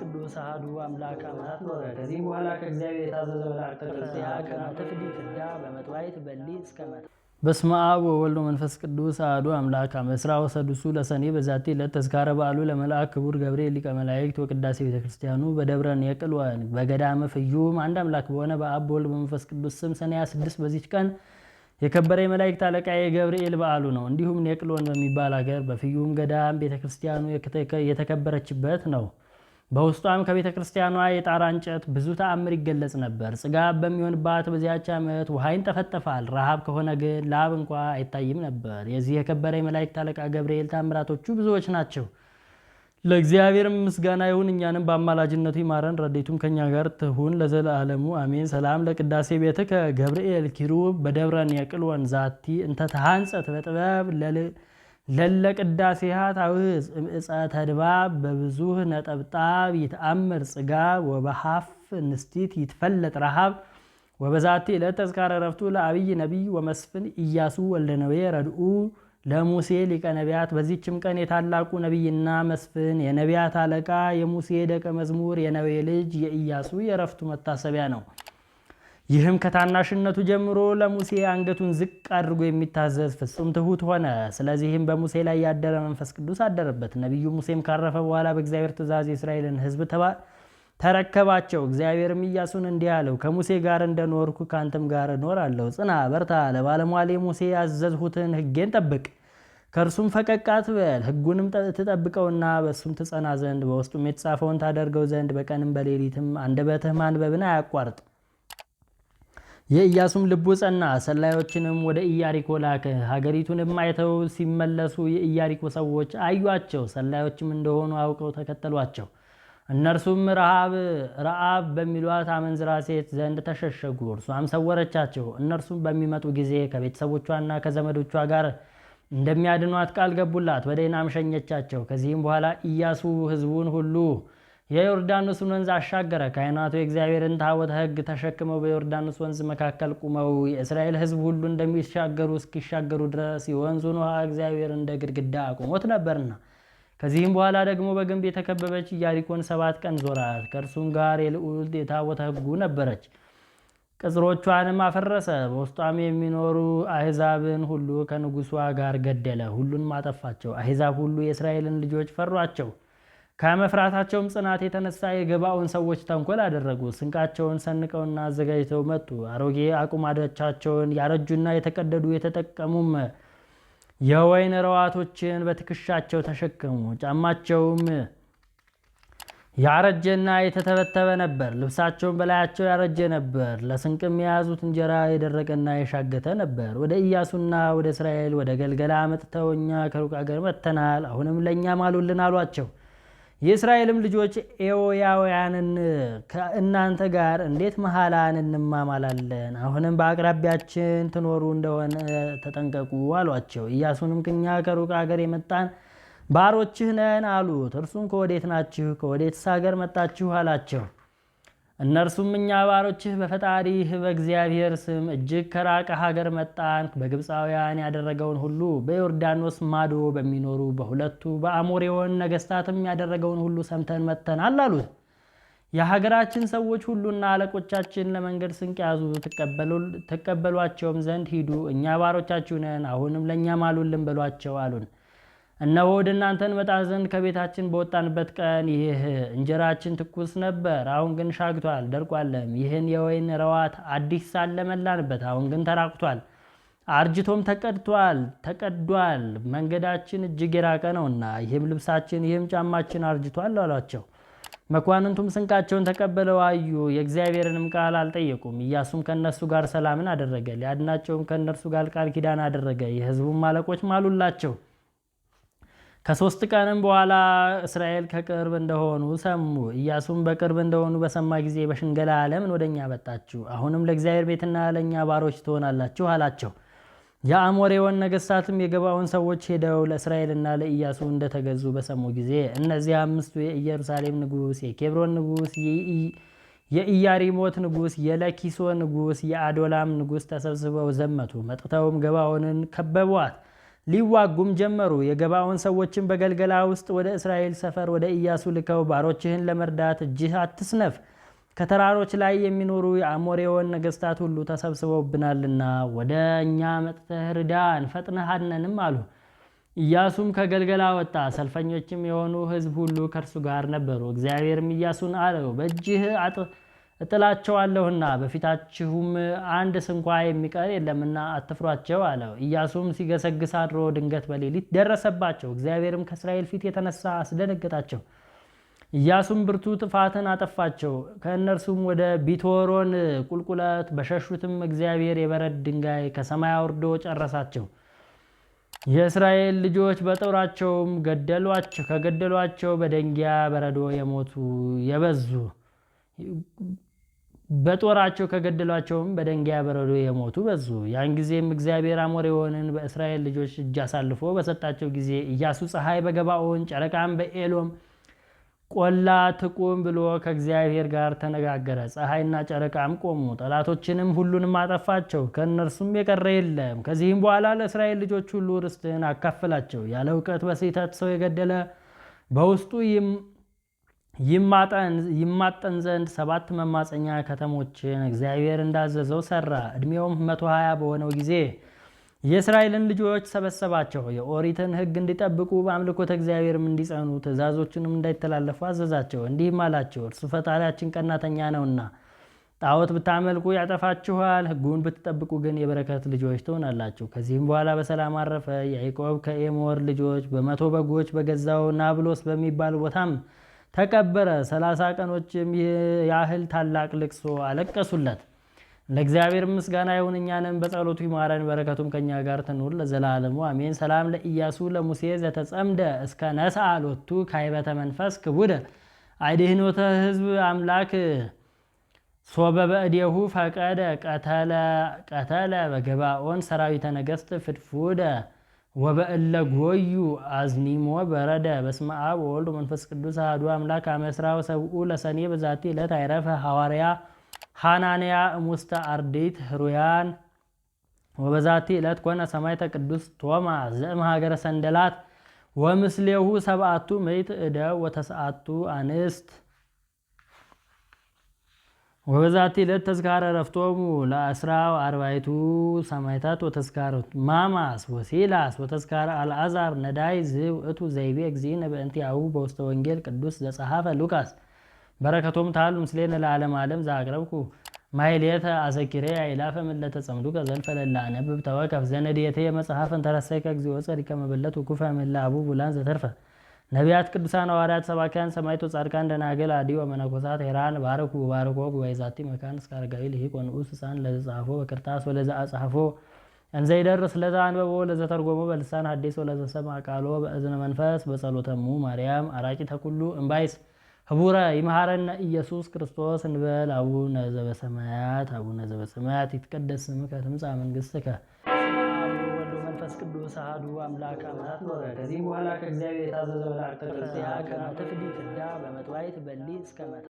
ቅዱስ አህዱ አምላክ አማት ኖረ። ከዚህ በኋላ ከእግዚአብሔር የታዘዘ መልአክ ተቀጽያ ቀናተ ፍዲት ዳ በሊ እስከ መጣ በስመ አብ ወወልድ ወመንፈስ ቅዱስ አሐዱ አምላክ አመ ዕስራ ወሰዱሱ ለሰኔ በዛቲ ዕለት ተዝካረ በዓሉ ለመልአክ ክቡር ገብርኤል ሊቀ መላእክት ወቅዳሴ ቤተክርስቲያኑ በደብረ ነቅል በገዳመ ፍዩም። አንድ አምላክ በሆነ በአብ በወልድ በመንፈስ ቅዱስ ስም ሰኔ 26 በዚች ቀን የከበረ የመላእክት አለቃ የገብርኤል በዓሉ ነው። እንዲሁም ኔቅሎን በሚባል ሀገር በፍዩም ገዳም ቤተክርስቲያኑ የተከበረችበት ነው። በውስጧም ከቤተ ክርስቲያኗ የጣራ እንጨት ብዙ ተአምር ይገለጽ ነበር። ጽጋብ በሚሆንባት በዚያች ዓመት ውሃ ይንጠፈጠፋል፣ ረሃብ ከሆነ ግን ላብ እንኳ አይታይም ነበር። የዚህ የከበረ የመላእክት አለቃ ገብርኤል ታምራቶቹ ብዙዎች ናቸው። ለእግዚአብሔር ምስጋና ይሁን፣ እኛንም በአማላጅነቱ ይማረን፣ ረዴቱም ከእኛ ጋር ትሁን ለዘላለሙ አሜን። ሰላም ለቅዳሴ ቤትከ ገብርኤል ኪሩብ በደብረን የቅልወን ዛቲ እንተ ተሃንጸት በጥበብ ለለቅዳሴ ታውዝ እምእፀ ተድባብ በብዙህ ነጠብጣብ ይትአምር ጽጋ ወበሃፍ ንስቲት ይትፈለጥ ረሃብ ወበዛቲ ዕለት ተዝካረ ዕረፍቱ ለአብይ ነቢይ ወመስፍን እያሱ ወልደነዌ ረድኡ ለሙሴ ሊቀ ነቢያት። በዚህችም ቀን የታላቁ ነቢይና መስፍን የነቢያት አለቃ የሙሴ ደቀ መዝሙር የነዌ ልጅ የእያሱ የረፍቱ መታሰቢያ ነው። ይህም ከታናሽነቱ ጀምሮ ለሙሴ አንገቱን ዝቅ አድርጎ የሚታዘዝ ፍጹም ትሁት ሆነ። ስለዚህም በሙሴ ላይ ያደረ መንፈስ ቅዱስ አደረበት። ነቢዩ ሙሴም ካረፈ በኋላ በእግዚአብሔር ትእዛዝ የእስራኤልን ሕዝብ ተረከባቸው። እግዚአብሔርም ኢያሱን እንዲህ አለው፣ ከሙሴ ጋር እንደኖርኩ ከአንተም ጋር እኖራለሁ። ጽና፣ በርታ፣ ለባለሟሌ ሙሴ ያዘዝሁትን ሕጌን ጠብቅ፣ ከእርሱም ፈቀቅ አትበል። ሕጉንም ትጠብቀውና በእሱም ትጸና ዘንድ በውስጡም የተጻፈውን ታደርገው ዘንድ በቀንም በሌሊትም አንደበትህ ማንበብን አያቋርጥ የኢያሱም ልቡ ጸና፣ ሰላዮችንም ወደ ኢያሪኮ ላከ። ሀገሪቱንም አይተው ሲመለሱ የኢያሪኮ ሰዎች አዩአቸው፣ ሰላዮችም እንደሆኑ አውቀው ተከተሏቸው። እነርሱም ረሃብ ረአብ በሚሏት አመንዝራ ሴት ዘንድ ተሸሸጉ፣ እርሷም ሰወረቻቸው። እነርሱም በሚመጡ ጊዜ ከቤተሰቦቿና ከዘመዶቿ ጋር እንደሚያድኗት ቃል ገቡላት፣ ወደ ናም ሸኘቻቸው። ከዚህም በኋላ ኢያሱ ሕዝቡን ሁሉ የዮርዳኖስን ወንዝ አሻገረ። ካህናቱ የእግዚአብሔርን ታቦተ ሕግ ተሸክመው በዮርዳኖስ ወንዝ መካከል ቁመው የእስራኤል ሕዝብ ሁሉ እንደሚሻገሩ እስኪሻገሩ ድረስ የወንዙን ውሃ እግዚአብሔር እንደ ግድግዳ አቁሞት ነበርና። ከዚህም በኋላ ደግሞ በግንብ የተከበበች ኢያሪኮን ሰባት ቀን ዞራት። ከእርሱም ጋር የልዑል የታቦተ ሕጉ ነበረች። ቅጽሮቿንም አፈረሰ። በውስጧም የሚኖሩ አሕዛብን ሁሉ ከንጉሷ ጋር ገደለ። ሁሉን ማጠፋቸው። አሕዛብ ሁሉ የእስራኤልን ልጆች ፈሯቸው። ከመፍራታቸውም ጽናት የተነሳ የገባውን ሰዎች ተንኮል አደረጉ። ስንቃቸውን ሰንቀውና አዘጋጅተው መጡ። አሮጌ አቁማዳቻቸውን ያረጁና የተቀደዱ የተጠቀሙም የወይን ረዋቶችን በትከሻቸው ተሸከሙ። ጫማቸውም ያረጀና የተተበተበ ነበር። ልብሳቸውን በላያቸው ያረጀ ነበር። ለስንቅም የያዙት እንጀራ የደረቀና የሻገተ ነበር። ወደ ኢያሱና ወደ እስራኤል ወደ ገልገላ መጥተው እኛ ከሩቅ አገር መጥተናል፣ አሁንም ለእኛ ማሉልን አሏቸው። የእስራኤልም ልጆች ኤዎያውያንን ከእናንተ ጋር እንዴት መሐላን እንማማላለን? አሁንም በአቅራቢያችን ትኖሩ እንደሆነ ተጠንቀቁ አሏቸው። ኢያሱንም እኛ ከሩቅ አገር የመጣን ባሮችህ ነን አሉት። እርሱም ከወዴት ናችሁ? ከወዴትስ አገር መጣችሁ? አላቸው። እነርሱም እኛ ባሮችህ በፈጣሪህ በእግዚአብሔር ስም እጅግ ከራቀ ሀገር መጣን፣ በግብፃውያን ያደረገውን ሁሉ በዮርዳኖስ ማዶ በሚኖሩ በሁለቱ በአሞሬዎን ነገስታትም ያደረገውን ሁሉ ሰምተን መጥተናል አሉት። የሀገራችን ሰዎች ሁሉና አለቆቻችን ለመንገድ ስንቅ ያዙ፣ ትቀበሏቸውም ዘንድ ሂዱ፣ እኛ ባሮቻችሁ ነን፣ አሁንም ለእኛ ማሉልን በሏቸው አሉን። እነሆ ወደ እናንተ እንመጣ ዘንድ ከቤታችን በወጣንበት ቀን ይህ እንጀራችን ትኩስ ነበር፣ አሁን ግን ሻግቷል ደርቋለም። ይህን የወይን ረዋት አዲስ ሳለመላንበት አሁን ግን ተራቁቷል አርጅቶም ተቀድቷል ተቀዷል። መንገዳችን እጅግ የራቀ ነውና፣ ይህም ልብሳችን ይህም ጫማችን አርጅቷል አሏቸው። መኳንንቱም ስንቃቸውን ተቀበለው አዩ፣ የእግዚአብሔርንም ቃል አልጠየቁም። ኢያሱም ከእነርሱ ጋር ሰላምን አደረገ፣ ሊያድናቸውም ከእነርሱ ጋር ቃል ኪዳን አደረገ። የህዝቡም አለቆች ማሉላቸው። ከሶስት ቀንም በኋላ እስራኤል ከቅርብ እንደሆኑ ሰሙ። ኢያሱም በቅርብ እንደሆኑ በሰማ ጊዜ በሽንገላ ለምን ወደ እኛ መጣችሁ? አሁንም ለእግዚአብሔር ቤትና ለእኛ ባሮች ትሆናላችሁ አላቸው። የአሞሬውን ነገስታትም የገባውን ሰዎች ሄደው ለእስራኤልና ለኢያሱ እንደተገዙ በሰሙ ጊዜ እነዚህ አምስቱ የኢየሩሳሌም ንጉስ፣ የኬብሮን ንጉስ፣ የኢያሪሞት ንጉስ፣ የለኪሶ ንጉስ የአዶላም ንጉስ ተሰብስበው ዘመቱ። መጥተውም ገባውንን ከበቧት። ሊዋጉም ጀመሩ። የገባውን ሰዎችን በገልገላ ውስጥ ወደ እስራኤል ሰፈር ወደ ኢያሱ ልከው ባሮችህን ለመርዳት እጅህ አትስነፍ፣ ከተራሮች ላይ የሚኖሩ የአሞሬዎን ነገስታት ሁሉ ተሰብስበውብናልና ወደ እኛ መጥተህ ርዳን፣ ፈጥነህ አድነንም አሉ። ኢያሱም ከገልገላ ወጣ፣ ሰልፈኞችም የሆኑ ህዝብ ሁሉ ከእርሱ ጋር ነበሩ። እግዚአብሔርም ኢያሱን አለው በእጅህ እጥላቸዋለሁና በፊታችሁም አንድ ስንኳ የሚቀር የለምና አትፍሯቸው አለው። ኢያሱም ሲገሰግስ አድሮ ድንገት በሌሊት ደረሰባቸው። እግዚአብሔርም ከእስራኤል ፊት የተነሳ አስደነገጣቸው። ኢያሱም ብርቱ ጥፋትን አጠፋቸው። ከእነርሱም ወደ ቢቶሮን ቁልቁለት በሸሹትም እግዚአብሔር የበረድ ድንጋይ ከሰማይ አውርዶ ጨረሳቸው። የእስራኤል ልጆች በጦራቸውም ገደሏቸው። ከገደሏቸው በደንጊያ በረዶ የሞቱ የበዙ በጦራቸው ከገደሏቸውም በድንጋይ በረዶ የሞቱ በዙ። ያን ጊዜም እግዚአብሔር አሞሬዎንን በእስራኤል ልጆች እጅ አሳልፎ በሰጣቸው ጊዜ ኢያሱ ፀሐይ በገባኦን ጨረቃም በኤሎም ቆላ ትቁም ብሎ ከእግዚአብሔር ጋር ተነጋገረ። ፀሐይና ጨረቃም ቆሙ። ጠላቶችንም ሁሉንም አጠፋቸው፣ ከእነርሱም የቀረ የለም። ከዚህም በኋላ ለእስራኤል ልጆች ሁሉ ርስትህን አካፍላቸው። ያለ እውቀት በስህተት ሰው የገደለ በውስጡ ይማጠን ዘንድ ሰባት መማፀኛ ከተሞችን እግዚአብሔር እንዳዘዘው ሰራ። ዕድሜውም 120 በሆነው ጊዜ የእስራኤልን ልጆች ሰበሰባቸው። የኦሪትን ሕግ እንዲጠብቁ በአምልኮተ እግዚአብሔርም እንዲጸኑ ትእዛዞቹንም እንዳይተላለፉ አዘዛቸው። እንዲህም አላቸው፣ እርሱ ፈጣሪያችን ቀናተኛ ነውና ጣዖት ብታመልኩ ያጠፋችኋል፣ ሕጉን ብትጠብቁ ግን የበረከት ልጆች ትሆናላችሁ። ከዚህም በኋላ በሰላም አረፈ። ያዕቆብ ከኤሞር ልጆች በመቶ በጎች በገዛው ናብሎስ በሚባል ቦታም ተቀበረ። ሰላሳ ቀኖችም ያህል ታላቅ ልቅሶ አለቀሱለት። ለእግዚአብሔር ምስጋና ይሁን፣ እኛንም በጸሎቱ ይማረን፣ በረከቱም ከኛ ጋር ትኑር ለዘላለሙ አሜን። ሰላም ለኢያሱ ለሙሴ ዘተጸምደ እስከ ነሳ ሎቱ ካይበተ መንፈስ ክቡደ አይድህኖተ ህዝብ አምላክ ሶበ በእዴሁ ፈቀደ ቀተለ በገባኦን ሰራዊተ ነገስት ፍድፉደ ወበእለ ጎዩ አዝኒሞ በረደ በስመ አብ ወወልድ መንፈስ ቅዱስ አሐዱ አምላክ አመስራው ሰብኡ ለሰኔ በዛቲ ዕለት አይረፈ ሐዋርያ ሃናንያ እሙስተ አርዲት ህሩያን ወበዛቲ ዕለት ኮነ ሰማዕተ ቅዱስ ዘእም ዘእምሀገረ ሰንደላት ወምስሌሁ ሰብአቱ ምዕት እደ ወተስአቱ አንስት ወበዛቲ ዕለት ተዝካረ ረፍቶሙ ለአስራ አርባይቱ ሰማይታት ወተዝካረ ማማስ ወሲላስ ወተዝካረ አልአዛር ነዳይ ዝብ እቱ ዘይቤ እግዚእነ በእንቲአሁ በውስተ ወንጌል ቅዱስ ዘጸሐፈ ሉቃስ በረከቶም ታሉ ምስሌነ ለዓለም ዓለም ዘአቅረብኩ ማይሌተ አሰኪሬ አይላፈ ምለተ ጸምዱ ዘልፈለላ ነብብ ተወከፍ ዘነዴቴ መጽሐፍን ተረሰይከ እግዚኦ ጸሪከ መበለት ኩፈ ምላ አቡ ቡላን ዘተርፈ ነቢያት፣ ቅዱሳን ሐዋርያት፣ ሰባኪያን ሰማዕታት፣ ጻድቃን፣ ደናግል፣ አዲ መነኮሳት፣ ሄራን ባረኩ ባረኮ ወይዛቲ መካን እስከ አረጋዊ ልሂቅ ወንዑስ ሕፃን ለዘጻፎ በክርታስ ወለዘ አጻፎ እንዘ ይደርስ አንበቦ ለዘ በልሳን ሐዲስ ወለዘሰማ ቃሎ በእዝነ መንፈስ በጸሎተሙ ማርያም አራቂ ተኩሉ እምባይስ ህቡረ ይመሃረነ ኢየሱስ ክርስቶስ እንበል አቡነ ዘበሰማያት አቡነ ዘበሰማያት ይትቀደስ ስምከ ትምጻእ መንግሥትከ ቅዱስ አህዱ አምላክ አማት ኖረ። ከዚህ በኋላ ከእግዚአብሔር የታዘዘ መልአክ ተቀርጽያ ከመተፍዲ ትዳ በመጥዋይት በሊ እስከመታ